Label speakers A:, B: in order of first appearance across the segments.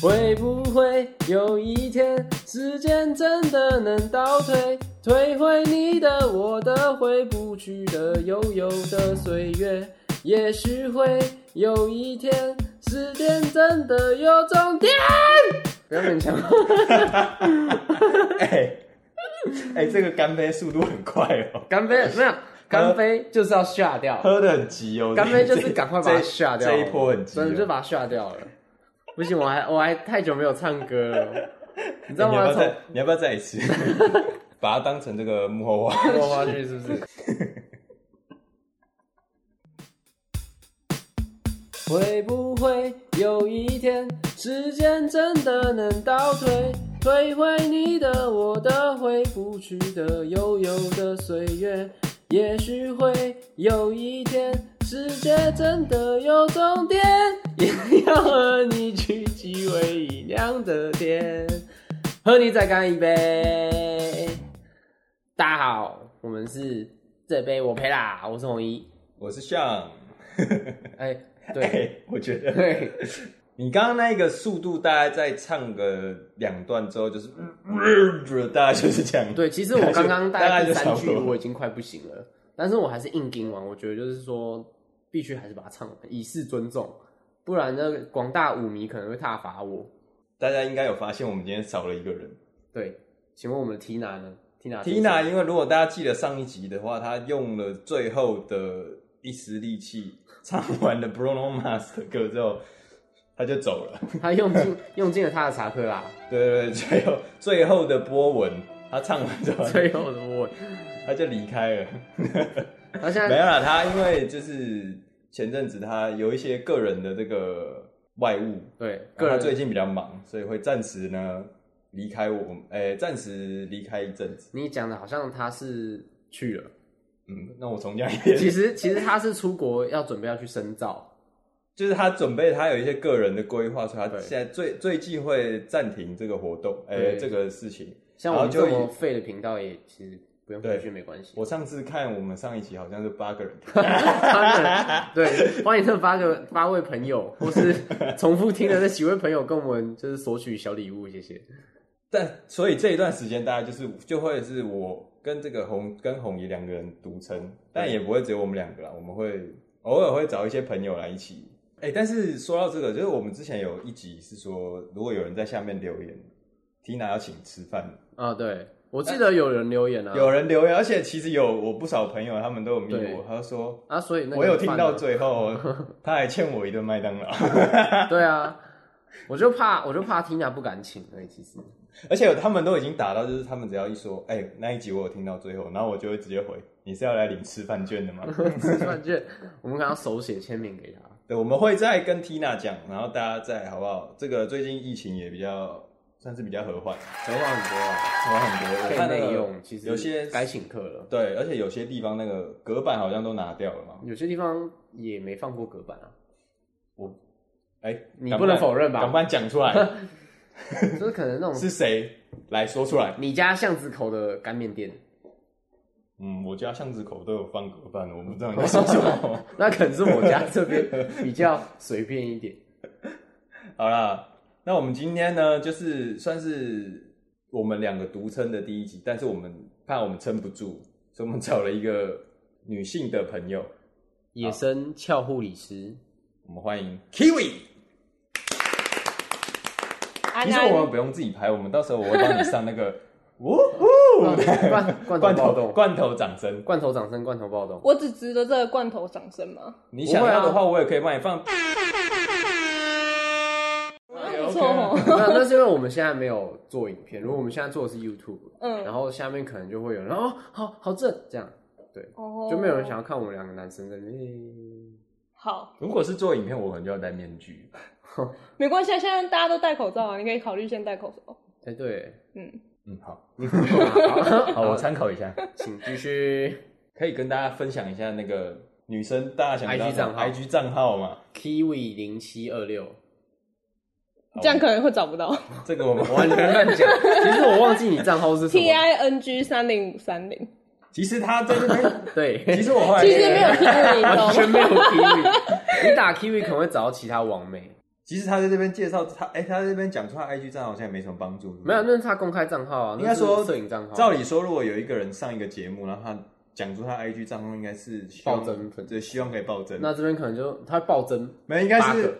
A: 會不會有一天，時間真的能倒退，退回你的我的回不去的悠悠的歲月？也許會有一天，時間真的有終點。不要勉強哈哈哈哈哈！哎哎，這個乾杯速度很快哦！乾杯沒有乾杯就是要下掉，喝得很急哦！乾杯就是趕快把嚇掉了這這這，這一波很急，哦，反正就把它下掉了。 不行，我還我還太久沒有唱歌了。 你知道嗎？你要不要再 一次？把它當成這個幕後花、幕後花絮是不是？ 會不會有一天，時間真的能倒退，退回你的我的回不去的悠悠的歲月？也許會有一天。世界真的有終點，也要和你去幾位一釀的天。和你再乾一杯。大家好，我們是這杯我陪啦，我是紅衣，我是向。哎、 欸，對、欸，我覺得對你剛剛那個速度，大概再唱個兩段之後，就是、嗯嗯嗯、大概就是這樣，對，其實我剛剛大概大就三句我已經快不行了，但是我還是硬聽完。我覺得就是說。必須還是把它唱完，以示尊重，不然呢，廣大舞迷可能會踏伐我。大家應該有發現，我們今天少了一個人。對，請問我們的緹娜呢？緹娜，緹娜，因為如果大家記得上一集的話，他用了最後的一絲力氣唱完了《Bruno Mars》的 歌之後，他就走了。他用盡， 用盡了他的查克拉。對對對，最後最後的波紋，他唱完之後，最後的波紋，他就離開了。 他、啊、現在沒有了。他因為就是前陣子他有一些個人的這個外務，對，個人他最近比較忙，所以會暫時呢離開我，哎、欸，暫時離開一陣子。你講的好像他是去了，嗯，那我重講一遍。其實其實他是出國要準備要去深造， 就是他準備他有一些個人的規劃，所以他現在最最近會暫停這個活動，哎、欸，對對對這個事情。像我們就這麼廢的頻道也其實。不用回去對，這沒關係。我上次看我們上一集好像是八個人，八個人對，歡迎這八個八位朋友，或是重複聽的那幾位朋友，跟我們就是索取小禮物，謝謝。但所以這一段時間大家就是就會是我跟這個紅跟紅爺兩個人獨撐，對但也不會只有我們兩個啦，我們會偶爾會找一些朋友來一起。哎、欸，但是說到這個，就是我們之前有一集是說，如果有人在下面留言，Tina 要請吃飯啊，對。我記得有人留言啊，啊，有人留言，而且其實有我不少朋友，他們都有密我，對他說啊，所以我有聽到最後，他還欠我一頓麥當勞。 對啊，我就怕，我就怕 Tina 不敢請，所以其實，而且他們都已經打到，就是他們只要一說，哎、欸，那一集我有聽到最後，然後我就會直接回，你是要來領吃飯券的嗎？ 吃飯券， 我們可能要手寫簽名給他。對，我們會再跟 Tina 講，然後大家再好不好？這個最近疫情也比較。算是比較合換合換很多、啊，合很多、啊，可以內用。其實、呃、有些該請客了。對，而且有些地方那個隔板好像都拿掉了嘛。有些地方也沒放過隔板啊。我，哎、欸，你不能否認吧？敢不敢講出來？ 就是可能那種 是誰來說出來？ 你家巷子口的乾麵店？嗯，我家巷子口都有放隔板，我不知道你在說什麼。 那可能是我家這邊比較隨便一點。 好了。那我們今天呢，就是算是我們兩個獨撐的第一集，但是我們怕我們撐不住，所以我們找了一個女性的朋友，野生好俏護理師，我們歡迎 Kiwi。
B: 其實
A: 我們不用自己拍，我們到時候我會幫你上那個、 哦、罐罐頭罐頭，罐頭掌聲罐頭掌聲罐頭暴動。
C: 我只值得這個罐頭掌聲嗎？你想要的
A: 話，我也可以幫你放。那那是因為我們現在沒有做影片，如果我們現在做的是 YouTube，嗯，然後下面可能就會有人哦，好好正這樣，對，
C: 就沒有人想
A: 要看我們兩個男生的。嗯，好。如果是做影片，我可能就要戴面具。
C: 沒關係，現在大家都戴口罩啊，你可以考慮先戴口罩。
A: 哎，對，嗯嗯，好。好，我參考一下，請繼續。可以跟大家分享一下那個女生大家想要的 IG 賬號嘛？Kiwi 0726。這樣可
C: 能會找不到。
A: 這個我們完全亂講。其實我忘記你賬號是什
C: 麼。T I N G 三零五三零。
A: 其實他在這邊對，其實我後來其實沒有 Kiwi，完全沒有
B: Kiwi。你打 K i w i 可能會
A: 找到其他網美。其實他在這邊介紹他，哎，他在這邊講出他 I G 賬號，好像也沒什麼幫助。沒有，那是他公開賬號啊。應該說攝影賬號。照理說，如果有一個人上一個節目，然後他講出他 I G 賬號，應該是暴增，對，希望可以暴增。那這邊可能就他暴增，沒應該是。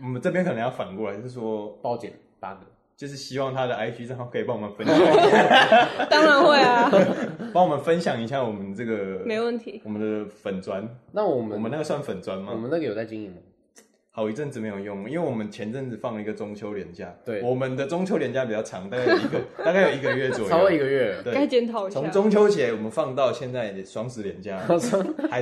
A: 我們這邊可能要反過來，就是說報警，八個，就是希望他的 IG 賬號可以幫我們分享一下。 當然會啊，幫我們分享一下我們這個沒問題。我們的粉專，那我們我們那個算粉專嗎？我們那個有在經營嗎？好一陣子沒有用，因為我們前陣子放了一個中秋連假，對，我們的中秋連假比較長，大概有一個 大概有一個月左右，超過一個月了，對，該檢討一下。從中秋節我們放到現在雙十連假， 還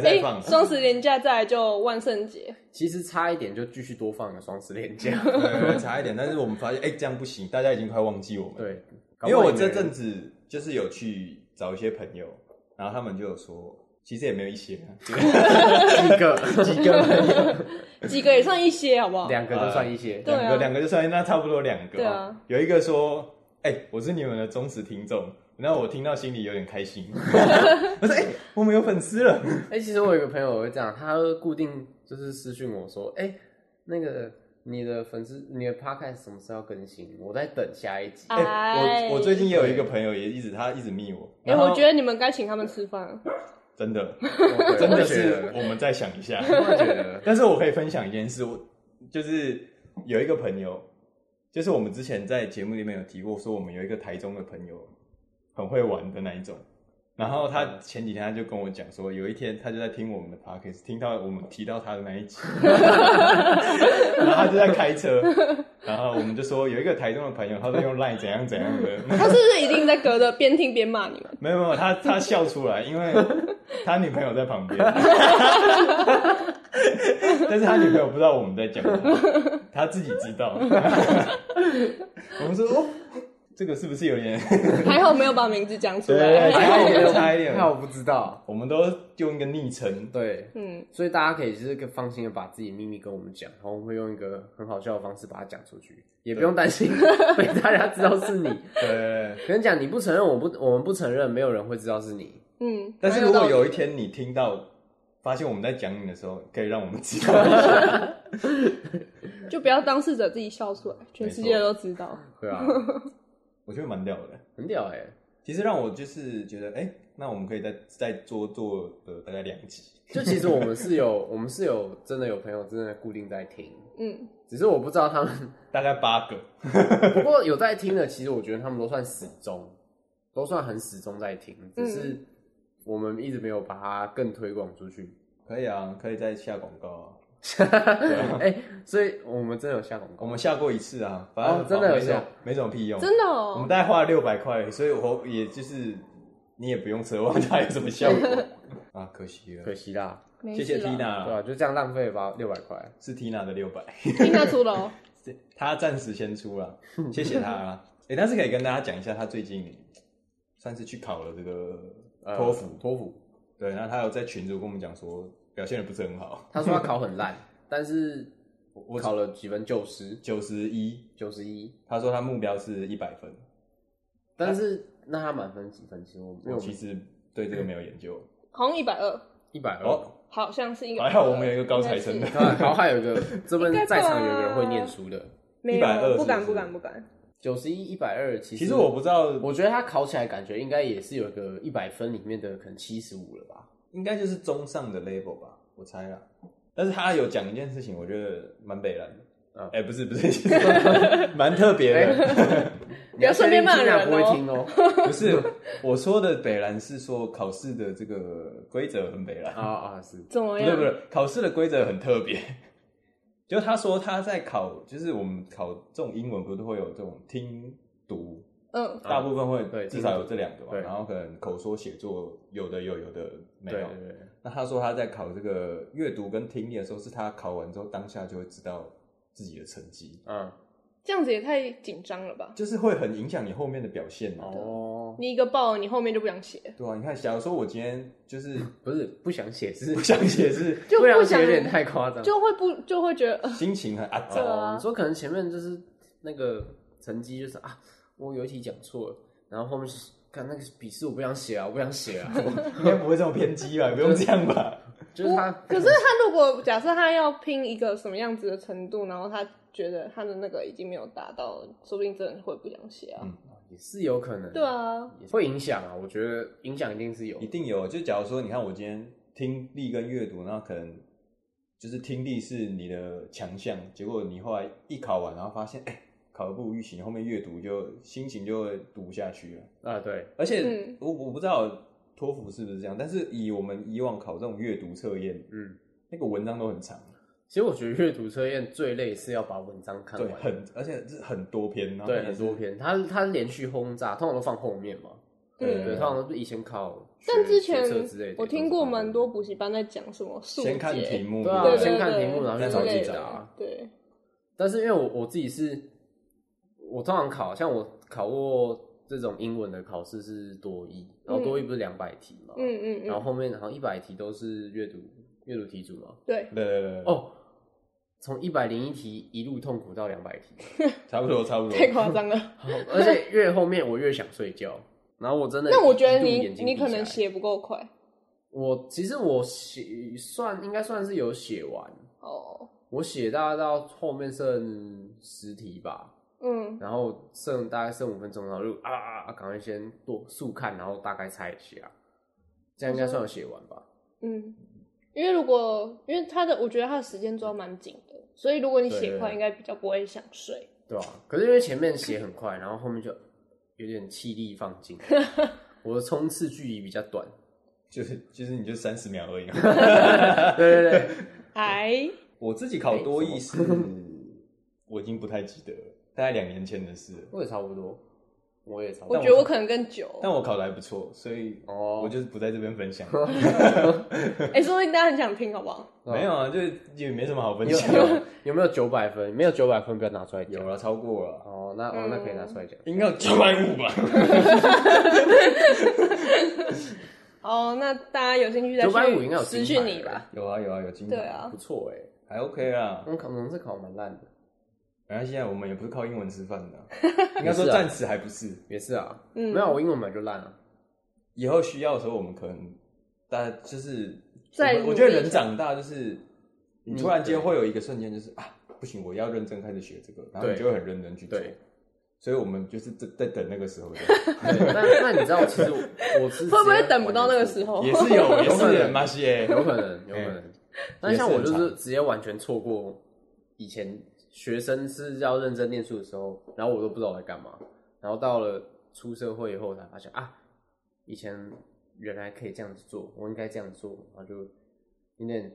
A: 在放，欸，雙
C: 十連假再來就萬聖節，
A: 其實差一點就繼續多放了雙十連假 對對對，差一點，但是我們發現哎、欸，這樣不行，大家已經快忘記我們，對，因為我這陣子就是有去找一些朋友，然後他們就有說。其實也沒有一些， 幾個幾個 幾
C: 個也算一些，好不好？兩個都算一些，uh, 對啊，兩
A: 個就算那差不多兩個、啊、有一個說：“哎、欸，我是你們的忠實聽眾，然後我聽到心裡有點開心，我說： 哎、欸，我們有粉絲了。哎、欸，其實我有一個朋友會這樣，他會固定就是私訊我說：哎、欸，那個你的粉絲，你的 podcast 什麼時候更新？我在等下一集。哎、欸，對我我最近也有一個朋友也一直他一直密我。哎、欸，我覺得
C: 你們該請他們吃飯。
A: 真的，我覺得真的是，我們再想一下。 得但是，我可以分享一件事，就是有一個朋友，就是我們之前在節目裡面有提過，說我們有一個台中的朋友，很會玩的那一種。然後他前幾天他就跟我講說，有一天他就在聽我們的 Podcast，聽到我們提到他的那一集， 然後他就在開車。然後我們就說，有一個台中的朋友，他在用 line 怎樣怎樣的。他
C: 是不是一定在隔着邊聽邊罵你
A: 們？ 沒有沒有，他他笑出來，因為。他女朋友在旁邊，但是他女朋友不知道我們在講什麼，他自己知道。我們說哦，這個是不是有點？
C: 還好沒有把名字講出來，還好你猜，還
A: 好我不知道。我們都用一個逆稱。對，嗯，所以大家可以就是放心的把自己秘密跟我們講，然後我們會用一個很好笑的方式把它講出去，也不用擔心被大家知道是你。對，跟你講，你不承認，我不，我們不承認，沒有人會知道是你。嗯，但是如果有一天你聽到，發現我們在講你的時候，可以讓我們知道一下，
C: 就不要當事者自己笑出來，全世界都知道。對啊，
A: 我覺得蠻屌的，很屌哎。其實讓我就是覺得，哎、欸，那我們可以再再做做的大概兩集。 就其實我們是有我們是有真的有朋友真的固定在聽，嗯，只是我不知道他們大概八個， 不過有在聽的，其實我覺得他們都算始終，都算很始終在聽，只是。嗯我們一直沒有把它更推廣出去，可以啊，可以再下廣告啊。哎，所以我們真的有下廣告，我們下過一次啊。反正真的下，沒什麼屁用。真的哦，我們大概花了六百塊，所以我也就是你也不用奢望它有什麼效果啊，可惜了，可惜啦。謝謝 Tina，對啊，就這樣浪費吧，六百塊是 Tina 的六百
C: ，Tina 出嘍。
A: 他暫時先出了，謝謝他啦。哎，但是可以跟大家講一下，他最近算是去考了這個。托福，托福，對，然後他有在群組跟我們講說，表現的不是很好。他說他考很爛，但是我考了幾分，九十，九十一，九十一。他說他目標是一百分，但是那他滿分幾分？其實我沒有。其實對這個沒有研究，好像一百二，一百二，
C: 好像是一個。還好我們有一個高材生的，然後
A: 還有一個這邊在場有人會念書的，一百二，不敢不敢不敢。九十一一百二，其實其實我不知道，我覺得他考起來感覺應該也是有一個一百分裡面的可能七十五了吧，應該就是中上的 level 吧，我猜啦，但是他有講一件事情，我覺得蠻北藍的，哎、啊欸，不是不是，蠻 特別的。欸、 你要順、喔、便罵人哦。 不是我說的北藍是說考試的這個規則很北藍啊啊,啊是。怎麼樣？不是不是，考試的規則很特別。就他說他在考，就是我們考這種英文，不是都會有這種聽讀，嗯，
B: 大部
A: 分會，至少有這兩個嘛，嗯，對、然後可能口說寫作有的有，有的沒有。對對對，那他說他在考這個閱讀跟聽力的時候，是他考完之後當下就會知道自己的成績，嗯。
C: 這樣子也太緊張了吧？
A: 就是會很影響你後面的表現哦。
C: 你一個爆了，你後面就不想寫。
A: 對啊，你看，假如說我今天就是不是不想寫，是不想寫是，就不想寫有點太誇張，就
C: 會不就會覺得
A: 心情很壓抑啊。說可能前面就是那個成績就是啊，我有一題講錯了，然後後面是看那個筆試我不想寫啊，我不想寫啊，應該不會這麼偏激吧？不用這樣吧？就是他，
C: 可是他如果假設他要拼一個什麼樣子的程度，然後他。覺得他的那個已經沒有達到，說不定真的會不想寫啊。嗯，
A: 也是有可能、啊。對
C: 啊，
A: 會影響啊。我覺得影響一定是有，一定有。就假如說，你看我今天聽力跟閱讀，那可能就是聽力是你的強項，結果你後來一考完，然後發現哎、欸，考的不如預期，後面閱讀就心情就會讀不下去了。啊，對。而且、嗯、我我不知道托福是不是這樣，但是以我們以往考這種閱讀測驗，嗯，那個文章都很長。其實我覺得閱讀測驗最累是要把文章看完，對，很而且是很多篇，對，很多篇，它他連續轟炸，通常都放後面嘛，對、嗯、對，通常都是以前考，但
C: 之前我聽過蠻多補習班在講什麼，先看題目，對，先
A: 看題目，然後去找解答，對，對，對。但是因為我我自己是，我通常考，像我考過這種英文的考試是多益，然後多益不是兩百題嘛、
B: 嗯，嗯嗯，嗯然後後
A: 面然後一百題都是閱讀閱讀題組嘛，對，對對對，哦。從一百零一題一路痛苦到兩百題，差不多差不多， 太誇張了。 而且越後面我越想睡覺，然後我真的……那我覺得你你可能
C: 寫不夠快。
A: 我其實我寫算應該算是有寫完哦，oh。我寫大概到後面剩十題吧，嗯，然後剩大概剩五分鐘，然後就啊，啊啊趕快先多速看，然後大概猜一下，這樣應該算有寫完吧？
C: 嗯，因為如果因為他的我覺得他的時間抓蠻緊。所以如果你寫快，應該比較不會想睡。對，
A: 對，對啊，可是因為前面寫很快，然後後面就有點氣力放盡。 我的衝刺距離比較短，就是就是你就三十秒而已。 對對對，對唉，哎，我自己考多益是， 我已經不太記得了，大概兩年前的事。我也差不多。我也
C: 超，我，我覺得我可
A: 能更久，但我，但我考的還不錯，所以，我就是不在這邊分享
C: 了。誒說、 欸、不定大家很想聽，好不好？
A: 沒、嗯、有啊，就是也沒什麼好分享。有沒有九百分？沒有九百分，不要拿出來講。有了，超過了。哦、嗯喔，那、喔、那可以拿出來講。應該有九百五吧。
C: 哦、 嗯，那大家有興趣再九百五應該有興趣你吧？
A: 有啊，有啊，有啊有，有驚嚇，對啊，不錯誒、欸、還 OK 啊。我、嗯、可能次考的蠻爛的。然後現在我們也不是靠英文吃飯的、啊， 應該說暫時還不是，也是啊，是啊嗯、沒有，我英文本來就爛了。以後需要的時候，我們可能，大家，就是，
B: 我覺得人長
A: 大就是，你突然間會有一個瞬間，就是啊，不行，我要認真開始學這個，然後你就會很認真去做。對，所以我們就是在在等那個時候。那，那你知道，其實我是是 會不會等
C: 不到那個時候？ 也是有，也是那些， 有可能，有可能。 嗯、但像我就是
A: 直接完全錯過以前。學生是要認真念書的時候，然後我都不知道我在幹嘛，然後到了出社會以後才發現啊，以前原來可以這樣子做，我應該這樣做，然後就有點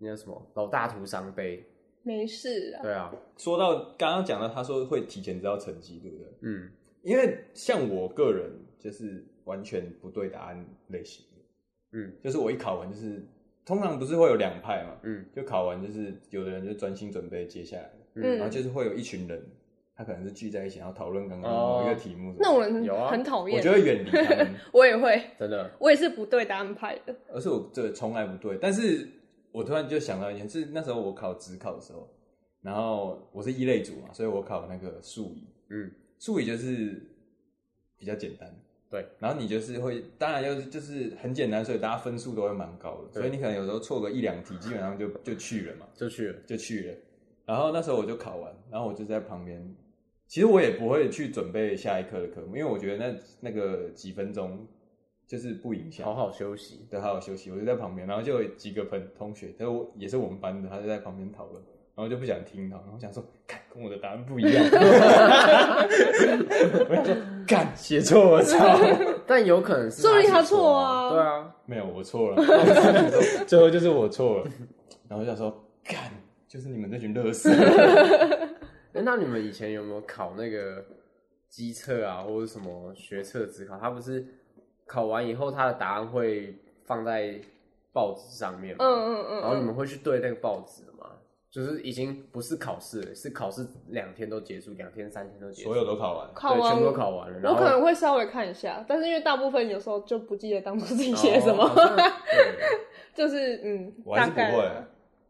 A: 那叫什麼老大徒傷悲，
C: 沒事啊。對
A: 啊，說到剛剛講到，他說會提前知道成績，對不對？嗯，因為像我個人就是完全不對答案類型的，嗯，就是我一考完就是通常不是會有兩派嘛，嗯，就考完就是有的人就專心準備接下來。嗯，然後就是會有一群人，他可能是聚在一起，然後討論剛剛某一個題目。那我有啊，很討厭，我就會遠離他們。我也會，真的，
C: 我也是不對答案派的。而是我
A: 這從來不對，但是我突然就想到一件事，那時候我考指考的時候，然後我是一類組嘛，所以我考那個數乙。嗯，數乙就是比較簡單，對。然後你就是會，當然就是就是很簡單，所以大家分數都會蠻高的，所以你可能有時候錯個一兩題，基本上就就去了嘛，就去了，就去了。然後那時候我就考完，然後我就在旁邊，其實我也不會去準備下一科的科目，因為我覺得那那個幾分鐘就是不影響，好好休息，對，好好休息。我就在旁邊，然後就有幾個朋同學，他也是我們班的，他就在旁邊討論，然後就不想聽他，然後我想說，幹，跟我的答案不一樣，哈哈哈我說，幹，寫錯我操， 但有可能是，是，說不定
C: 他錯
B: 啊，
A: 對啊，沒有，我錯了， 最後就是我錯了，然後我想說，幹。就是你們那群樂子，哎，那你們以前有沒有考那個基測啊，或者什麼學測、指考？他不是考完以後，他的答案會放在報紙上面嗎？嗯嗯嗯。嗯嗯然後你們會去對那個報紙嗎？嗯嗯、就是已經不是考試了，是考試兩天都結束，兩天三天都結束，所有都考完，考完對，全部都考完了。然後我可能會
C: 稍微看一下，但是因為大部分有時候就不記得當初自己寫什麼、哦， 啊啊、就是嗯，我還是不會大概。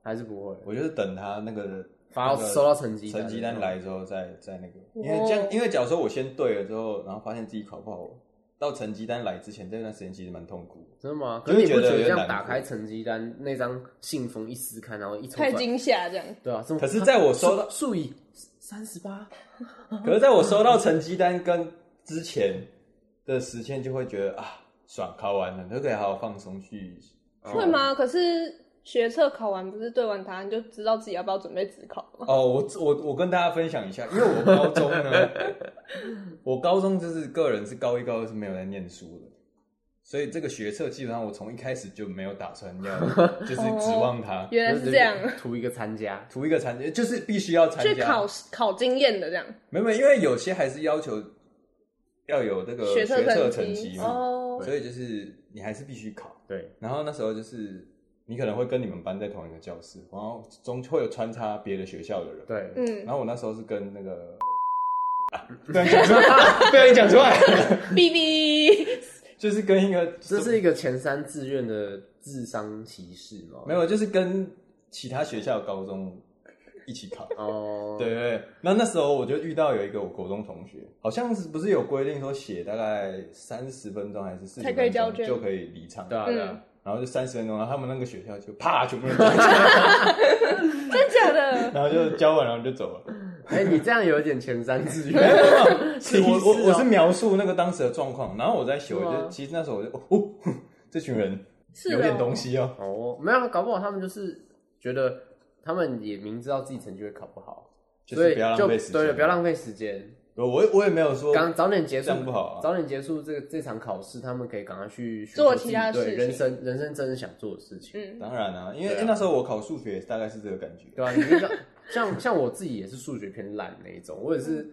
A: 還是不會，我就是等他那個，收到成績成績單來之後，再再那個，因為這樣，因為假如說我先對了之後，然後發現自己考不好，到成績單來之前這段時間其實蠻痛苦，真的嗎？可是你不覺得這樣打開成績單那張信封一撕開，然後一抽，太驚嚇這樣？對啊，可是在我收到數以三十八，可是在我收到成績單跟之前的時間，就會覺得啊爽，考完了就可以好好放鬆去，會嗎？
C: 可是。學測考完不是對完答案就知道自己要不要準備指考哦，
A: 我我我跟大家分享一下，因為我高中呢， 我高中就是個人是高一高二是沒有在念書的，所以這個學測基本上我從一開始就沒有打算要，就是指望他、 哦，原來是這樣。圖一個參加，圖一個參加，個就是必須要參加，去考
C: 考經驗的這樣。
A: 沒有，因為有些還是要求要有這個學測成績是哦，所以就是你還是必須考對。然後那時候就是。你可能會跟你們班在同一個教室，然後總會有穿插別的學校的人。對，嗯。然後我那時候是跟那個不要、啊、講出來，BB，就是跟一個這是一個前三志願的智商歧視嘛。沒有，就是跟其他學校的高中一起考。哦，對對。那那時候我就遇到有一個我國中同學，好像是不是有規定說寫大概三十分鐘還是四十分鐘就可以離場？對啊，對啊、嗯。然後就三十分鐘，然後他們那個學校就啪，全部人站起
B: 來，真假的？
A: 然後就教完，然後就走了。哎，你這樣有點前三志願，我我我是描述那個當時的狀況。然後我在想，我其實那時候我就哦，這群人有點東西哦。哦，沒有，搞不好他們就是覺得他們也明知道自己成績會考不好，所以就對了，不要浪費時間。我我也沒有說，趕早點結束，這樣不好，啊。早點結束這個這場考試，他們可以趕快去學做，做其他事情，對人生人生真正想做的事情。嗯、當然啊，因為那時候我考數學大概是這個感覺，啊。對啊，你就 像像像我自己也是數學偏爛那一種，我也是，嗯、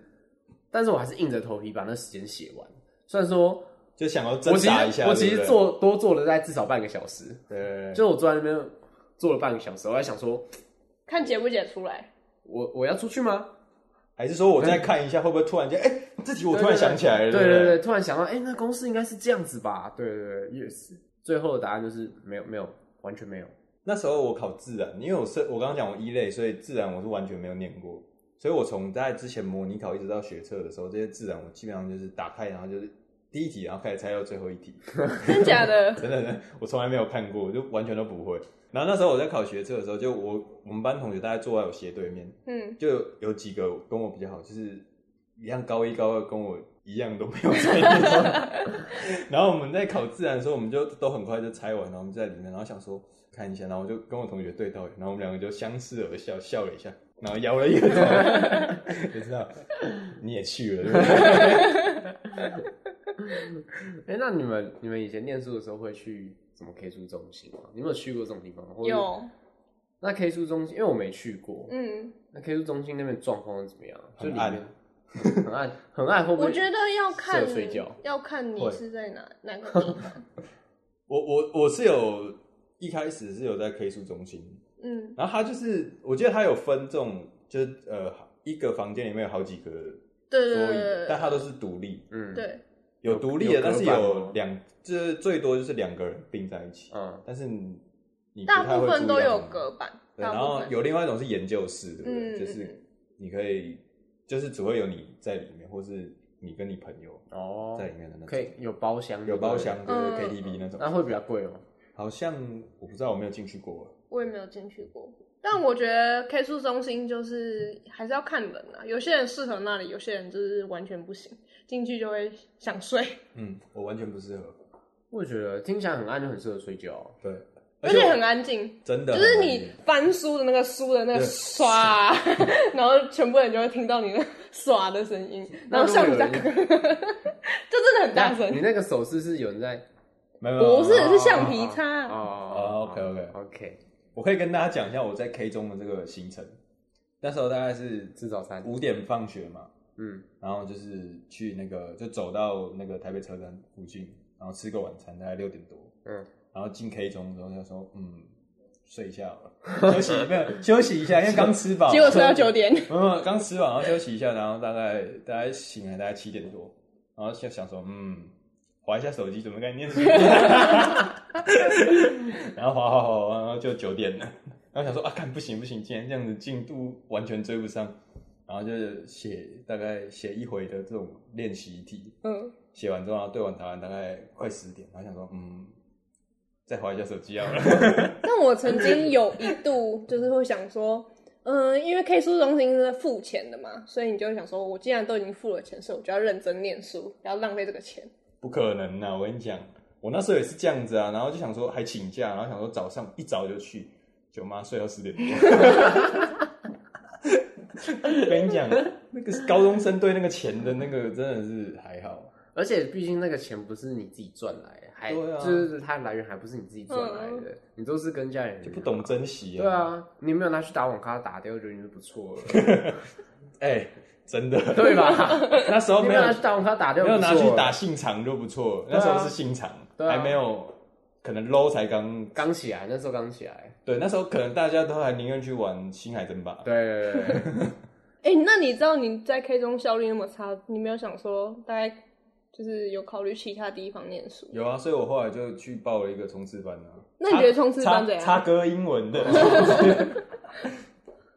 A: 但是我還是硬着頭皮把那時間寫完。雖然說就想要掙扎一下我，我其實做多做了大概至少半個小時，對，對，就我坐在那邊做了半個小時，我還想說，
C: 看解不解出來。
A: 我我要出去嗎？還是說我再看一下會不會突然間，哎、欸，這題我突然想起來了，對對對，突然想到，哎、欸，那公式應該是這樣子吧？對對對，Yes，最後的答案就是沒有沒有，完全沒有。那時候我考自然，因為我是，我剛剛講我一類，所以自然我是完全沒有念過，所以我從在之前模擬考一直到學測的時候，這些自然我基本上就是打開，然後就是。第一題，然後開始猜到最後一題，真假的？ 真的，真的，我從來沒有看過，就完全都不會。然後那時候我在考學測的時候，就我我們班同學大概坐在我斜對面，嗯，就有幾個跟我比較好，就是一樣高一高二，跟我一樣都沒有猜 然後我們在考自然的時候，我們就都很快就猜完，然後我們在裡面，然後想說看一下，然後我就跟我同學對到，然後我們兩個就相視而笑，笑了一下，然後搖了一搖頭， 就知道你也去了，對不對？ 哎，那你們你們以前念書的時候會去什麼 K 書中心嗎？你們有去過這種地方？有。那 K 書中心，因為我沒去過。嗯。那 K 書中心那邊狀況怎麼樣？很暗，很暗，很暗。會不會？我覺得要看睡覺，要
C: 看你是在哪哪個地方。
A: 我我我是有一開始是有在 K 書中心，嗯，然後他就是，我記得他有分這種，就是呃，一個房間裡面有好幾個，對對對，所以，但他都是獨立，嗯，對。有獨立的，但是有兩，就是最多就是兩個人並在一起。嗯，但是
C: 你大部分都有隔板。對，然後有
A: 另外一種是研究室，對不對？就是你可以，就是只會有你在裡面，或是你跟你朋友哦在裡面的那種。可以有包廂，有包廂的 KTV 那種。那會比較貴哦。好像我不知道，我沒有進去過。
C: 我也沒有進去過。但我覺得 K 書中心就是還是要看人啊，有些人適合那裡，有些人就是完全不行，進去就會想睡。
A: 嗯，我完全不適合。我也覺得聽起來很暗，就很適合睡覺。啊，對，而且很
C: 安靜，真的。就是你翻書的那個書的那個刷對然後全部人就會聽到你那刷的聲音， 然後橡皮擦，這 真的很大聲。啊，你
A: 那個手勢是有人在？沒有，不是，哦，是橡皮擦。哦，OK，OK，OK。哦哦 okay, okay. 哦 okay. 我可以跟大家講一下我在 K 中的這個行程。那時候大概是吃早餐，五點放學嘛，嗯，然後就是去那個，就走到那個台北車站附近，然後吃個晚餐，大概六點多，嗯，然後進 K 中，然後就說，嗯，睡一下， 休息，休息一下，因為剛吃飽，結果睡到九點，嗯，剛吃飽，然後休息一下，然後大概大概醒來大概七點多，然後就想說，嗯，滑一下手機，準備跟你念書。 然後滑滑滑，然後就九點了。然後想說啊，看不行不行，既然這樣子進度完全追不上，然後就寫大概寫一回的這種練習題。嗯，寫完之後，然後對完答案，大概快十點。然後想說，嗯，再劃一下手機啊 但我曾經
C: 有一度就是會想說，嗯、呃，因為 K 書中心是付錢的嘛，所以你就會想說，我既然都已經付了錢，所以我就要認真念書，不要浪費這個錢。
A: 不可能啊！我跟你講。我那時候也是這樣子啊，然後就想說還請假，然後想說早上一早就去，舅媽睡到十點多。我 跟你講，那個高中生對那個錢的那個真的是還好，而且畢竟那個錢不是你自己賺來，還對、啊、就是它來源還不是你自己賺來的，嗯、你都是跟家人就不懂珍惜。對啊，你沒有拿去打網咖打掉，我覺得你已經是不錯了。哎、 欸。真的對吧？那時候沒有拿他打，就沒有拿去打信長就不錯。那時候是信長，還沒有可能 low 才剛剛起來。那時候剛起來，對，那時候可能大家都還寧願去玩星海爭霸。對，
C: 哎，那你知道你在 K 中效率那麼差，你沒有想說大概就是有考慮其他地方念書？
A: 有啊，所以我後來就去報了一個衝刺班啊。那你覺得衝刺班怎樣？差歌英文的。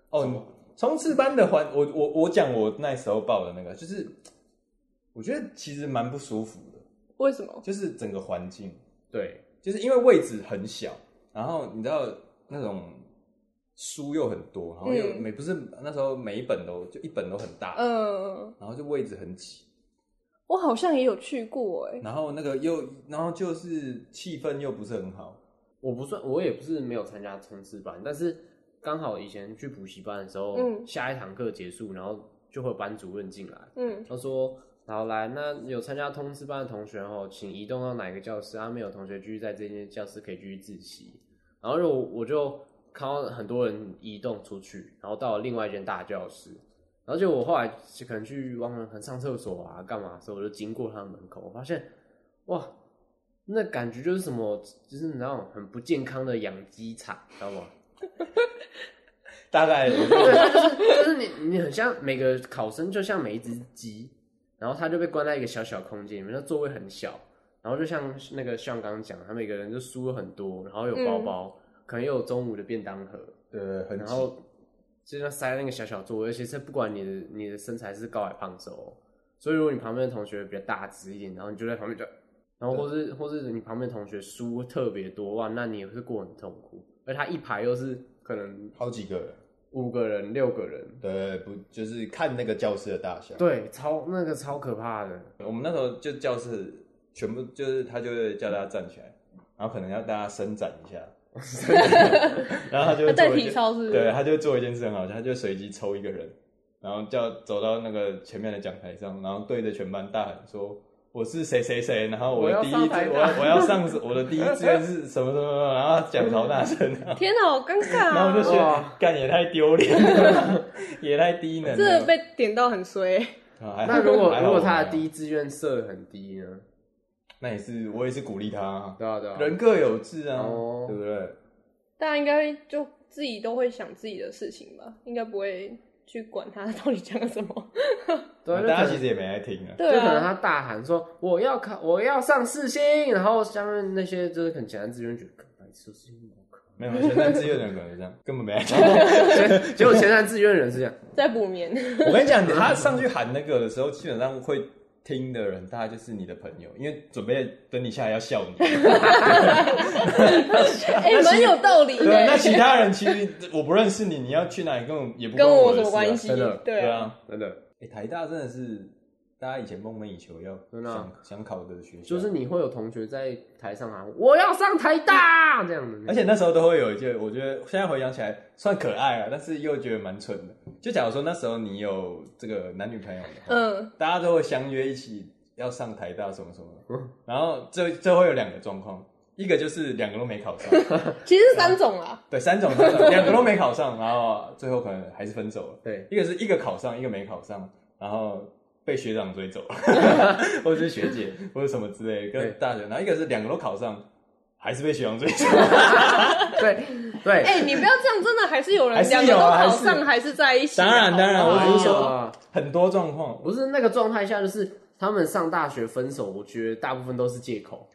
A: 哦。衝刺班的環，我我我講我那時候報的那個，就是我覺得其實蠻不舒服的。為什麼？就是整個環境，對，就是因為位置很小，然後你知道那種書又很多，然後又每、嗯、不是那時候每一本都就一本都很大，
C: 嗯，
A: 然後就位置很擠。
C: 我好像也有去過哎、欸，
A: 然後那個又然後就是氣氛又不是很好。我不算，我也不是沒有參加衝刺班，但是。剛好以前去補習班的時候，嗯、下一堂課結束，然後就會有班主任進來，嗯、他說：“好來，那有參加通知班的同學，然後請移動到哪一個教室？他、啊、沒有同學繼續在這間教室可以繼續自習。”然後就我就看到很多人移動出去，然後到了另外一間大教室。然後就我後來可能去往很上廁所啊幹嘛，所以我就經過他的門口，我發現哇，那感覺就是什麼，就是那種很不健康的養雞場，知道嗎？ 大概，就是 就是，就是你你很像每個考生，就像每一隻雞，然後他就被關在一個小小空間裡面，那座位很小，然後就像那個像剛剛講，他每個人就輸了很多，然後有包包，嗯、可能又有中午的便當盒，嗯、呃，然後就像塞那個小小座位，其實不管你的你的身材是高矮胖瘦，所以如果你旁邊的同學比較大隻一點，然後你就在旁邊就。然後，或是對或是你旁邊同學書特別多哇，那你也是過很痛苦。而他一排又是可能好幾個人，五個人、六個人，對，不就是看那個教室的大小，對，超那個超可怕的。我們那時候就教室全部就是他就會叫大家站起來，然後可能要大家伸展一下， 然後他就會做一件 他在體操是？對，他就會做一件事很好笑，他就隨機抽一個人，然後叫走到那個前面的講台上，然後對着全班大喊說。我是誰誰誰，然後我的第一志願我，我，我要上我的第一志願是什麼，什麼什麼，然後講超大聲。
C: 天哪，好尷尬，然後我就覺得
A: 幹也太丟臉， 也太低能了。這
C: 被點到很衰，
A: 欸。啊、還那如果還，如果他的第一志願設的很低呢？那也是，我也是鼓勵他，啊啊，對啊對啊，人各有志啊，哦、對不對？
C: 大家應該就自己都會想自己的事情吧，應該不會。去管他到底講了什麼？
A: 對，大家其實也沒來聽啊。對。可能他大喊說：“我要考，我要上四星。”然後下面那些就是很簡單自願者，說：“四星難考。”沒有全班自願人的可能這樣， 根本沒來聽。 結果全班自願人是這樣， 在補
C: 眠。我跟你講，他上
A: 去喊那個的時候，基本上會。聽的人大概就是你的朋友，因為準備等你下來要笑你。哎，蠻有道理、欸。對，那其他人其實我不認識你，你要去哪裡跟我也不關我的事，啊、跟我有關係。啊、的，對啊，真的。哎、欸，台大真的是。大家以前夢寐以求要想嗎想考的學校，就是你會有同學在台上啊，我要上台大、嗯、這樣子。而且那時候都會有一件，我覺得現在回想起來算可愛啊，但是又覺得蠻蠢的。就假如說那時候你有這個男女朋友，嗯、呃，大家都會相約一起要上台大什麼什麼。嗯、然後最最後有兩個狀況，一個就是兩個都沒考上，
C: 其實是三種啊。
A: 對，三種，三種， 兩個都沒考上，然後最後可能還是分手了。對，一個是一個考上，一個沒考上，然後。被學長追走了，或者是學姐，或者什麼之類，跟大學。然後一個是兩個都考上，還是被學長追走。
C: 對
A: 對，哎，你不要
C: 這樣，真的還是有人兩個都考上，還是在一起。當然當然，我
A: 只是說很多狀況，不是那個狀態下，就是他們上大學分手，我覺得大部分都是借口。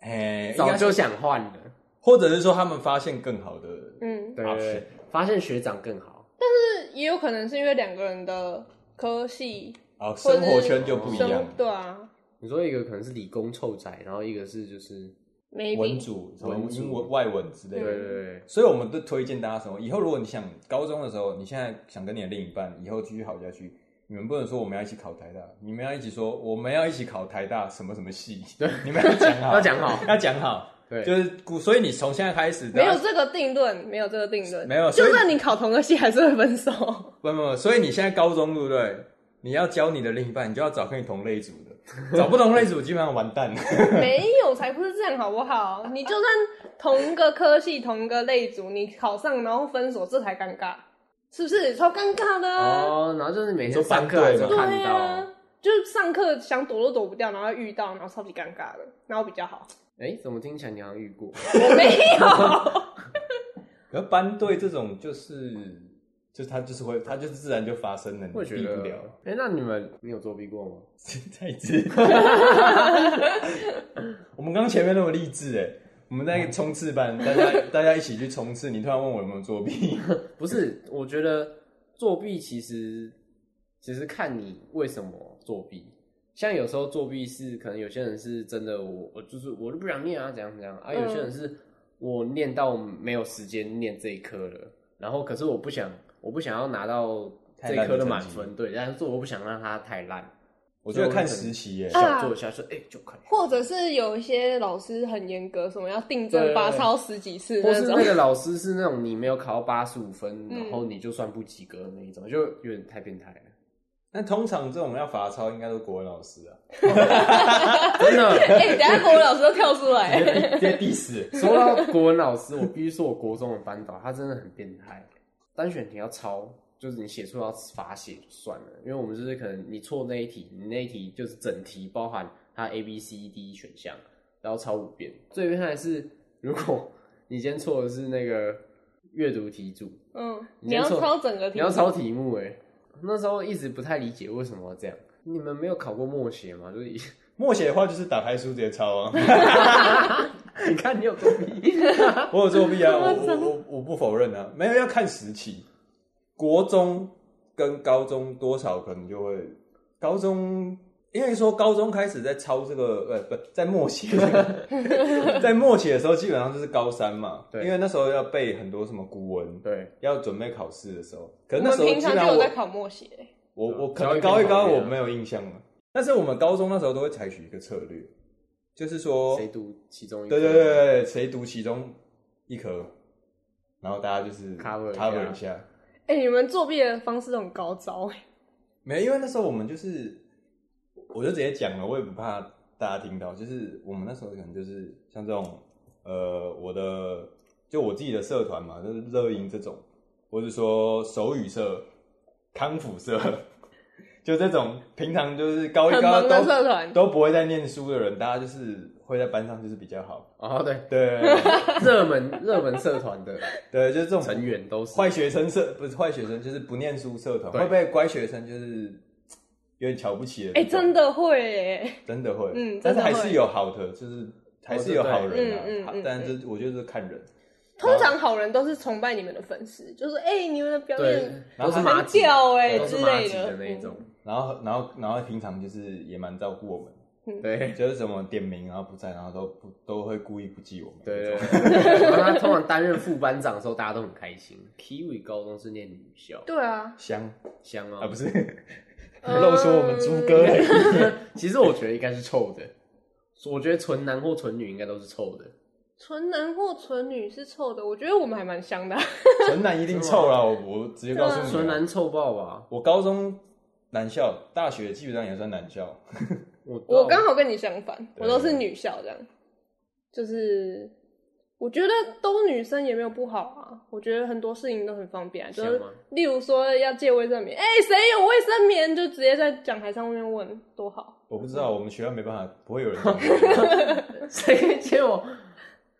A: 哎，早就想換了，或者是說他們發現更好的，
C: 嗯，對，
A: 發現學長更好。
C: 但是也有可能是因為兩個人的科系。
A: 啊，生活圈就不一樣。
C: 對
A: 啊，你說一個可能是理工臭仔，然後一個是就是
C: 文組，什麼英文
A: 外文，主文，文，文，文之類的。對對對。所以我們都推薦大家什麼？以後如果你想高中的時候，你現在想跟你的另一半以後繼續好下去，你們不能說我們要一起考台大，你們要一起說我們要一起考台大什麼什麼系。對，你們要講好， 要講好，要講好。對，就是所以你從現在開始沒有這
C: 個定論，沒有這個定論，沒有，就算你考同一個系還是會分手。
A: 不不不，所以你現在高中，對不對？你要教你的另一半，你就要找跟你同類組的，找不同類組基本上完蛋。
C: 沒有，才不是這樣，好不好？你就算同一個科系， 同一個類組，你考上然後分手，這才尷尬，是不是？超尷尬的
A: 啊。哦，然後就是每天上課還是看到， 嗯對啊，就
C: 是上課想躲都躲不掉，然後遇到，然後超級尷尬的，然後比較好。
A: 哎，怎麼聽起來你好像遇過？ 我沒有。 可是班對這種就是。就他就是會，他就是自然就發生了，你避得不了。哎、欸，那你們你有作弊過嗎？太智，我們剛剛前面那麼勵志哎，我們在一個衝刺班， 大家大家一起去衝刺，你突然問我有沒有作弊？不是，我覺得作弊其實其實看你為什麼作弊。像有時候作弊是可能有些人是真的我，我我就是我都不想念啊，怎樣怎樣啊。有些人是我念到沒有時間念這一科了，然後可是我不想。我不想要拿到這一科的滿分，對，但是我不想讓他太爛。我覺得看實習，想做一下說，哎、啊欸，就可
C: 以。或者是有一些老師很嚴格，什麼要訂正、罰抄十幾次，對對對，或是那個
A: 老師是那種你沒有考到八十五分，然後你就算不及格那一種，嗯、就有點太變態了。那通常這種要罰抄，應該都是國文老師啊。 真的？哎、欸，等下國文老
C: 師都跳出來，直接，
A: 直接 diss。說到國文老師，我必須說，我國中的班導他真的很變態。單選題要抄，就是你寫錯要罰寫就算了，因為我們就是可能你錯那一題，你那一題就是整題包含它 A、B、C、D 選項，然後抄五遍。最變態是，如果你今天錯的是那個閱讀題組，嗯，你要，
B: 你要抄整個題目，你要抄題
A: 目、欸，誒，那時候一直不太理解為什麼這樣。你們沒有考過默寫嗎？就是。默寫的話就是打開書直接抄啊！ 你看你有作
B: 弊，我有作弊啊！我我我
A: 我不否認啊！沒有要看時期，國中跟高中多少可能就會，高中因為說高中開始在抄這個，呃、欸、不，在默寫， 在默寫的時候基本上就是高三嘛，對，因為那時候要背很多什麼古文，對，要準備考試的時候，可能那時候我我平常就有在
C: 考默寫、
A: 欸。我我可能高一高二我沒有印象了。但是我們高中那時候都會採取一個策略，就是說誰讀其中一，對，對對對，誰讀其中一科，然後大家就是 cover cover 一下。
C: 哎、欸，你們作弊的方式這種高招沒
A: 有，因為那時候我們就是，我就直接講了，我也不怕大家聽到。就是我們那時候可能就是像這種，呃，我的就我自己的社團嘛，就是熱音這種，或者說手語社、康复社。 就這種平常就是高一高二都都不會在念書的人，大家就是會在班上就是比較好啊，對對，熱門熱門社團的，對，就是這種成員都是壞學生社，不是壞學生就是不念書社團。會不會乖學生就是有點瞧不起人？哎，
C: 真的會，
A: 真的會。嗯，但是還是有好的，就是還是有好人。嗯，但是我就是看人，
C: 通常好人都是崇拜你們的粉絲，就是，哎，你們的
A: 表演很屌哎之類的那一種。然後，然後，然後，平常就是也蠻照顧我們對，就是什麼點名，然後不在，然後都不都會故意不記我們。對，他通常擔任副班長的時候，大家都很開心。Kiwi 高中是念女校？對啊，香香啊，不是，你露出我們豬哥。其實我覺得應該是臭的，我覺得純男或純女應該都是臭的。
C: 純男或純女是臭的，我覺得我們還蠻香的。
A: 純男一定臭啦，我我直接告訴你，純男臭爆吧。我高中，男校大學基本上也算男校，我我剛
C: 好跟你相反，對對對對，我都是女校這樣，就是我覺得都女生也沒有不好啊，我覺得很多事情都很方便，啊，就是例如說要借衛生棉，哎，誰有衛生棉就直接在講台上面問，
A: 多好。我不知道、嗯、我們學校沒辦法，不會有人，誰會 借我？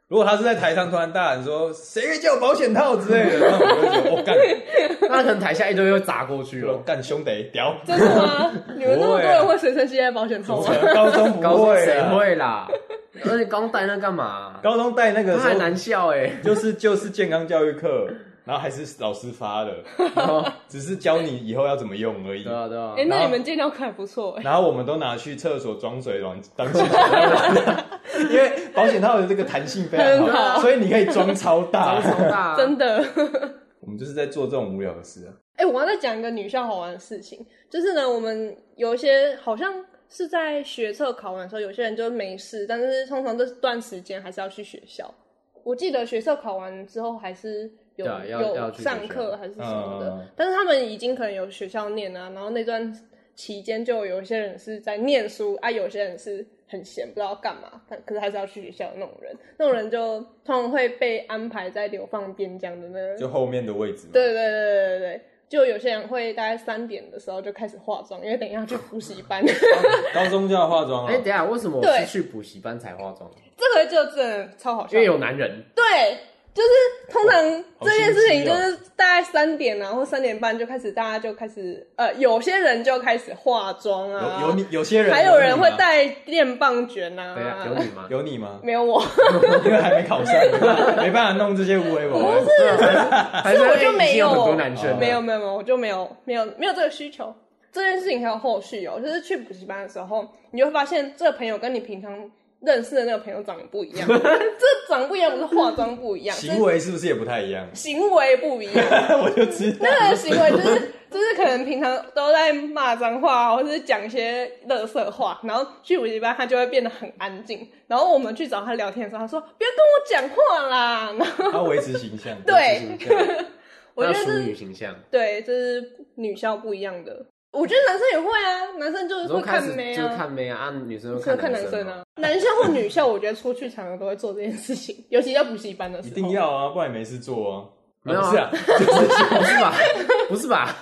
A: 如果他是在台上突然大喊說，誰會借我保險套之類的， 我幹。哦幹那可能台下一堆又砸過去了，幹兄弟屌。真
C: 的嗎？這是啊，你們那麼多人會隨身攜帶保險套？高中
A: 不會，不會啦。那
C: 你高中帶那幹嘛？
A: 高中帶那個還難笑哎，就是 就是健康教育課，然後還是老師發的，然後 只是教你以後要怎麼用而已。 對啊對啊。哎、啊欸，那你
C: 們健康課不錯哎、欸。然
A: 後我們都拿去廁所裝水裝，當水，水因為保險套的這個彈性非常好，好所以你可以裝超大，裝超大，啊，真的。我們就是在做這種無聊的事啊！
C: 哎、欸，我剛在講一個女校好玩的事情，就是呢，我們有一些好像是在學測考完的時候，有些人就沒事，但是通常這段時間還是要去學校。我記得學測考完之後還是有要有上課還是什麼的，嗯、但是他們已經可能有學校念啊，然後那段期間就有一些人是在念書，啊，有些人是。很閒，不知道幹嘛，可可是還是要去學校的那種人，那種人就通常，常會被安排在流放邊疆的那就
A: 後面的位置。對
C: 對對對對對，就有些人會大概三點的時候就開始化妝，因為等一下去補習班、 啊。
A: 高中就要化妝哎、啊欸，等一下為什麼我是去補習班才化妝。
C: 對這個就真的超好笑，因為有男人。對。就是通常這件事情就是大概三點啊，然後三點半就開始，大家就開始呃，有些人就開始化妝啊，有有，
A: 有些人，還有人會帶
C: 電棒捲吶。對啊，有你
A: 嗎？ 有你嗎？ 沒有我， 因為還沒考上，沒辦法弄這些無為我。不是， 是我就沒有。沒有
C: 沒有沒有，我就沒有沒有沒有這個需求。 這件事情還有後續哦，就是去補習班的時候，你就會發現這個朋友跟你平常。認識的那個朋友長得不一樣， 這長不一樣不是化妝不一樣， 行為
A: 是不是也不太一樣？
C: 行為不一樣，
A: 我就知道那個行為
C: 就是就是可能平常都在罵髒話，或者是講一些垃圾話，然後去補習班他就會變得很安靜。然後我們去找他聊天的時候，他說：“不要跟我講話啦。”然
A: 後他維持形象，對，
C: 是是 我要淑
A: 女形象，
C: 對，就是女校不一樣的。我覺得男生也會啊，男生就是會看妹啊，就看
A: 妹啊啊女生就看男生啊、
C: 喔，男校或女校，我覺得出去常常都會做這件事情， 尤其要補習班的時候。一定
A: 要啊，不然沒事做啊，欸、沒事啊，不是吧？不是吧？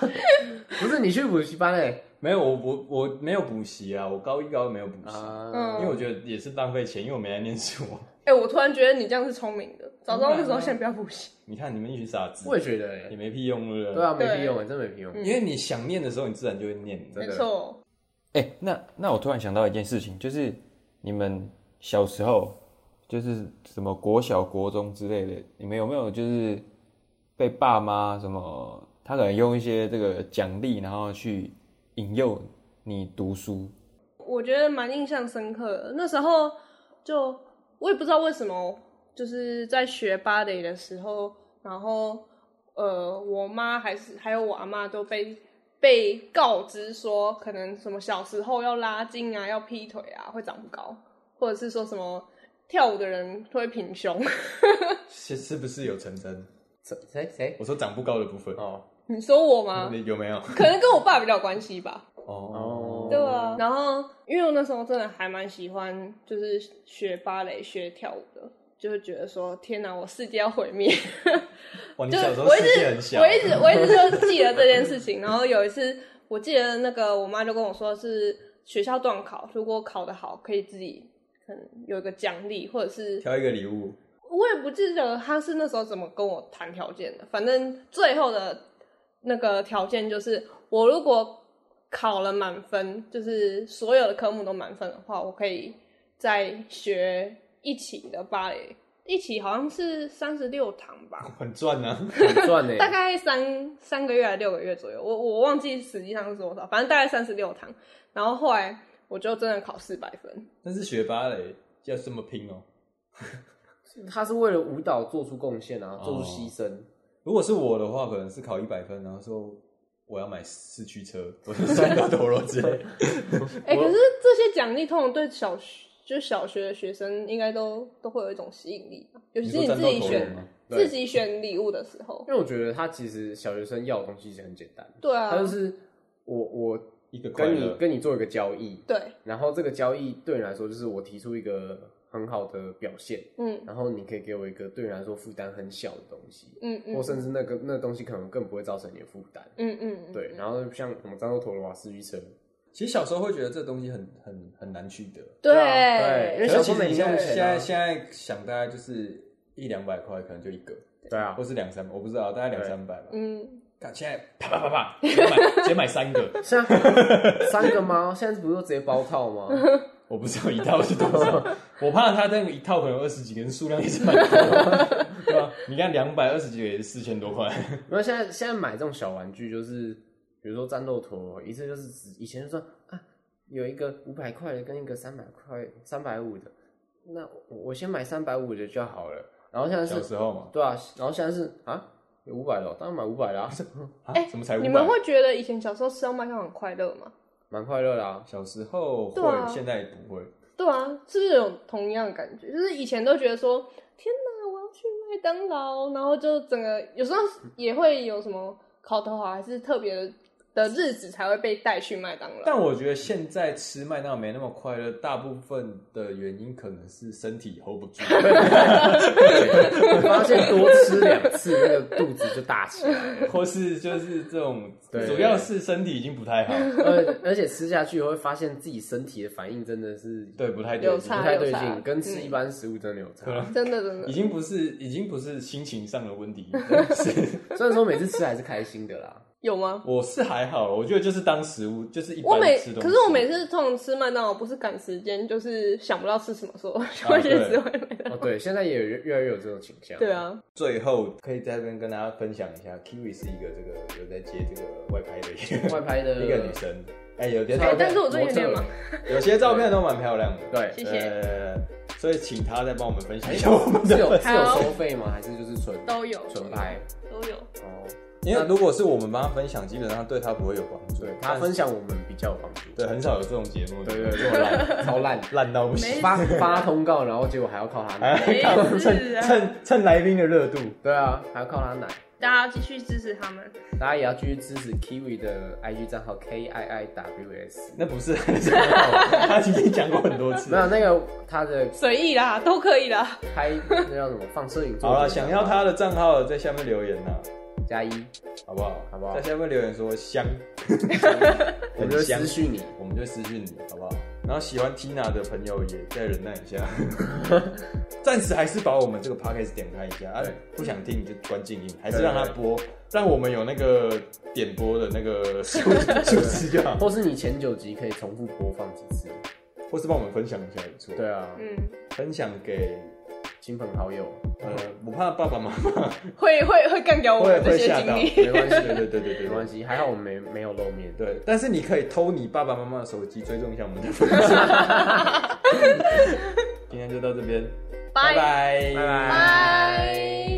A: 不是你去補習班誒、欸、 沒有，我我我沒有補習啊，我高一高二沒有補習，uh, 因為我覺得也是浪費錢，因為我沒念書我
C: 哎、欸，我突然覺得你這樣是聰明的，早知道那時候先不要複習、
A: 嗯啊。你看你們一群傻子，我也覺得、欸，你沒屁用了。對啊，沒屁用啊，你真的沒屁用。對因為你想念的時候，你自然就會念。真的。沒錯。哎，那那我突然想到一件事情，就是你們小時候，就是什麼國小、國中之類的，你們有沒有就是被爸媽什麼，他可能用一些這個獎勵，然後去引誘你讀書？
C: 我覺得蠻印象深刻的。那時候就。我也不知道為什麼，就是在學芭蕾的時候，然後呃，我媽還是還有我阿媽都被被告知說，可能什麼小時候要拉筋啊，要劈腿啊，會長不高，或者是說什麼跳舞的人會平
A: 胸， 是是不是有成真？誰誰誰？我說長不高的部分哦，oh.
C: 你說我嗎？你有沒有？可能跟我爸比較有關係吧。
A: 哦。Oh. Oh. 對
C: 啊，然後因為我那時候真的還蠻喜歡，就是學芭蕾、學跳舞的，就是覺得說天哪，我世界要毀滅。就 你小時候世界很小 我一直我一直就記得這件事情。 然後有一次，我記得那個我媽就跟我說是學校段考，如果考得好，可以自己可能有一個獎勵，或者是挑一個禮物。我也不記得他是那時候怎麼跟我談條件的，反正最後的那個條件就是我如果。考了滿分，就是所有的科目都滿分的話，我可以再學一期的芭蕾，一期好像是三十六堂吧，
A: 很賺啊，很賺呢、欸， 大概
C: 三三個月還是六個月左右，我我忘記實際上是多少，反正大概三十六堂，然後後來我就真的考四百分，
A: 但是學芭蕾就要這麼拼哦？喔， 他是為了舞蹈做出貢獻啊，做出犧牲、哦，如果是我的話，可能是考一百分、啊，然後說。我要買四驅車，我是三個陀螺之類。哎，可是
C: 這些獎勵通常對小學，就小學的學生應該都都會有一種吸引力嘛。尤其是你自己選，對自己選禮物的時候。因為我
A: 覺得他其實小學生要的東西其實很簡單。對啊，他就是我我一個跟你跟你做一個交易，對，然後這個交易對你來說就是我提出一個。很好的表現，嗯，然後你可以給我一個對你來說負擔很小的東西，
B: 嗯，或甚至
A: 那個那東西可能更不會造成你的負擔，嗯嗯，對，然後像我們漳州陀螺瓦四驅車，其實小時候會覺得這東西很很很難取得，對啊，對，而且你像現在現在想大概就是一兩百塊可能就一個，對啊，或是兩三百，我不知道，大概兩三百吧，嗯，現在啪啪啪啪直接買三個，三個嗎？現在不是直接包套嗎？我不知道一套是多少， 我怕他那個一套可能二十幾根，數量也是蠻多的， 對吧？你看兩百二十幾個也是四千多塊。 那現在現在買這種小玩具，就是比如說戰鬥陀螺，一次就是以前就說啊，有一個五百塊的跟一個三百塊三百五的，那我，我先買三百五的就好了。然後現在是小時候嘛，對啊，然後現在是啊，有五百的、哦、當然買五百的啊，什麼、啊什麼才五百欸、你們會
C: 覺得以前小時候收到麥克風很快樂嗎？
A: 蠻快樂啦、啊，小時候會，對啊、現在也不會。
C: 對啊，是不是有同樣的感覺，就是以前都覺得說，天哪，我要去麥當勞，然後就整個有時候也會有什麼考得好，還是特別的。的日子才會被帶去麥當勞。但我
A: 覺得現在吃麥當勞沒那麼快樂，大部分的原因可能是身體 hold 不住。 我發現多吃兩次，那個肚子就大起來了 或是就是這種，主要是身體已經不太好。而對、呃、而且吃下去會發現自己身體的反應真的是對不太對，不太對勁，有有跟吃一般食物真的有差，嗯、吧真的真的，已經不是已經不是心情上的問題。對是 雖然說每次吃還是開心的啦。有嗎？我是還好，我覺得就是當食物，就是一般吃東西。可是我
C: 每次通常吃麥當勞，不是趕時間，就是想不到吃什麼時候就會去吃麥當勞。
A: 對，現在也越來越有這種傾向。對啊。最後可以在這邊跟大家分享一下，Kiwi 是一個這個有在接這個外拍的外拍的一個女生。哎，有點。對，但是我最近有嗎？有些照片都蠻漂亮的。對，謝謝。呃，所以請她再幫我們分享一下。我是有是有收費嗎？還是就是純都有純拍都有哦。因為如果是我們幫他分享，基本上對他不會有幫助。他分享我們比較有幫助。對，很少有這種節目。對對，超爛，爛到不行。發發通告，然後結果還要靠他來。不是，趁趁趁來賓的熱度。對啊，還要靠他來。
C: 大家要繼續支持他們。
A: 大家也要繼續支持 Kiwi 的 IG 賬號 K I I W S。那不是賬號，他今天講過很多次。沒有那個他的
C: 隨意啦，都可以啦。
A: 拍那叫什麼？放攝影。好了，想要他的賬號，在下面留言啊。加一，好不好？好不好？在下，下面留言說香，香 香我們就私訊你，我們就私訊你，好不好？然後喜歡 Tina 的朋友也再忍耐一下，暫 時還是把我們這個 podcast 點開一下。哎對、啊，不想聽你就關靜音，還是讓它播，對對對，讓我們有那個點播的那個數字呀，或是你前九集可以重複播放幾次，或是幫我們分享一下也不錯。對啊，嗯，分享給。親朋好友，不、呃、我怕爸爸媽媽
C: 會會會幹掉我這些經歷會嚇到。沒關
A: 係，對對對，對，對沒關係，還好我們沒沒有露面，對，但是你可以偷你爸爸媽媽的手機追蹤一下我們的 今天就到這邊，拜拜拜。